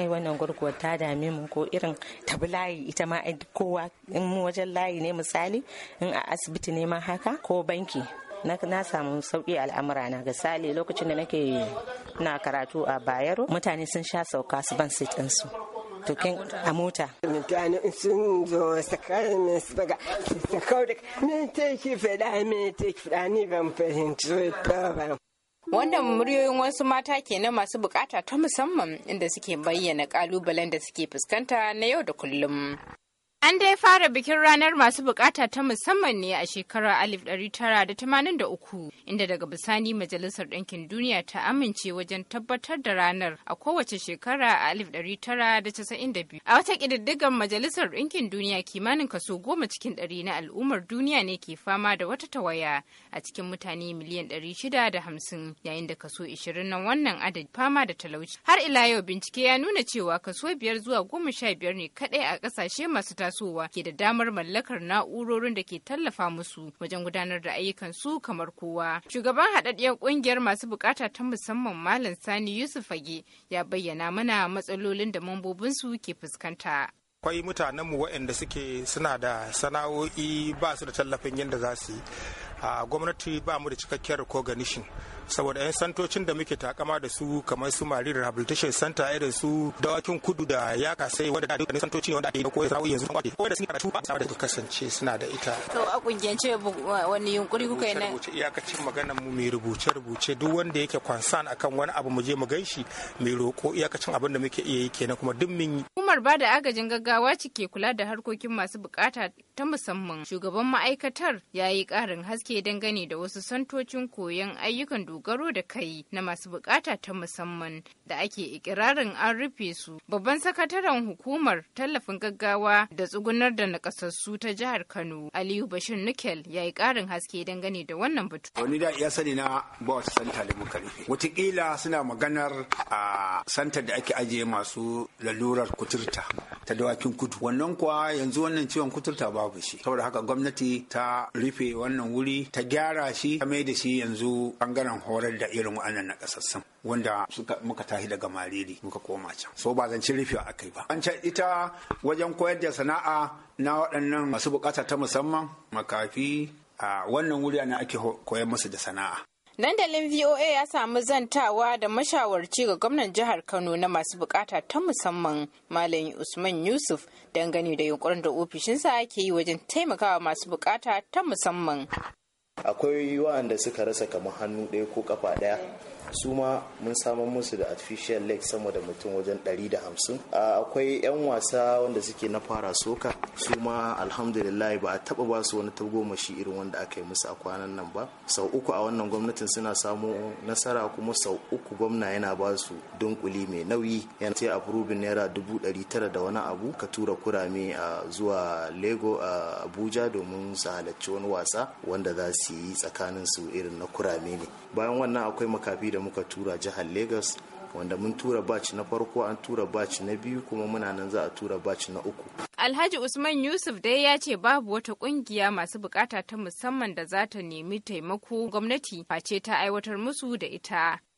kai wannan gurguwar ta dame mu ko irin tabi layi ita ma kowa in wajen layi ne misali in a asibiti ne ma haka ko banki na samu sauƙi al'amura na ga sale lokacin da nake na karatu a bayero mutane sun sha sauka su ban sit su tukin a mota. Mutane sun zo sakar min su baga sakar da me take fada me take fada ni ban fahimci ba. Wannan muryoyin wasu mata na masu bukata ta musamman inda suke bayyana kalubalen da suke fuskanta na yau da kullum. An dai fara bikin ranar masu bukata ta musamman ne a shekarar 1983, inda daga bisani Majalisar Ɗinkin Duniya ta amince wajen tabbatar da ranar a kowace shekara a 1992. A wata ƙididdigar Majalisar Ɗinkin Duniya kimanin kaso goma cikin ɗari na al'ummar duniya ne ke fama da wata tawaya a cikin mutane miliyan ɗari shida hamsin yayin da kaso na wannan adadi fama da talauci. Har ila yau bincike ya nuna cewa kaso biyar zuwa goma sha biyar ne kaɗai a kasashe masu tasowa ke da damar mallakar na'urorin da ke tallafa musu wajen gudanar da ayyukan su kamar kowa. Shugaban haɗaɗɗiyar ƙungiyar masu bukata ta musamman Malam Sani Yusuf Fage ya bayyana mana matsalolin da mambobinsu ke fuskanta. akwai mutanenmu waɗanda suke suna da sana'o'i ba su da tallafin yadda za su yi a ah, gwamnati ba mu da cikakkiyar recognition saboda yan santocin da muke takama da su kamar su mari rehabilitation center irin su dawakin kudu da ya kasai wanda da dukkanin santoci ne wanda ake koyar rawu yanzu kwace ko da sun karatu ba da kasance suna da ita to a kungiyance wani yunkuri kuka yi na. nan iyakacin maganar mu mai rubuce rubuce duk wanda yake concern akan wani abu mu je mu ganshi mai roko iyakacin abin da muke iya yi kenan kuma duk mun yi hukumar ba da agajin gaggawa cike kula da harkokin masu bukata ta musamman shugaban ma'aikatar ya yi karin haske dangane da wasu santocin koyon ayyukan doka dogaro da kai na masu bukata ta musamman da ake ikirarin an rufe su. Babban sakataren hukumar tallafin gaggawa da tsugunar da nakasassu ta jihar Kano, Aliyu Bashir nikel ya yi karin haske dangane da wannan batu. Wani da iya sani na ba wasu santa da muka rufe. Wataƙila suna maganar a santar da ake ajiye masu lalurar kuturta ta dawakin kudu. Wannan kuwa yanzu wannan ciwon kuturta babu shi. Saboda haka gwamnati ta rufe wannan wuri ta gyara shi ta mai da shi yanzu bangaren horar da irin wa'annan na kasassun wanda suka muka tahi daga mariri muka koma can so ba zan ci rufe a kai ba an can ita wajen koyar da sana'a na waɗannan masu bukata ta musamman makafi a wannan wuri ana ake koyar musu da sana'a dandalin voa ya samu zantawa da mashawarci ga gwamnan jihar kano na masu bukata ta musamman malam usman yusuf dangane da yunkurin da ofishinsa ke yi wajen taimakawa masu bukata ta musamman akwai wa'anda suka rasa kamar hannu ɗaya ko kafa ɗaya su ma mun samar musu da artificial leg sama da mutum wajen 150 akwai 'yan wasa wanda suke na fara soka su ma alhamdulillah ba a taba ba su wani tagomashi irin wanda aka yi musu a kwanan nan ba sau uku a wannan gwamnatin suna samu nasara kuma sau uku gwamna yana ba su dunkuli mai nauyi yana sai afurubin naira dubu ɗari tara da wani abu ka tura kurame a zuwa lego a abuja domin su halarci wani wasa wanda za su su yi tsakanin su irin na kurame ne bayan wannan akwai makafi da muka tura jihar lagos wanda mun tura batch na farko an tura batch na biyu kuma muna nan za a tura batch na uku. Alhaji Usman Yusuf dai ya ce babu wata kungiya masu bukata ta musamman da za ta nemi taimako gwamnati face ta aiwatar musu da ita.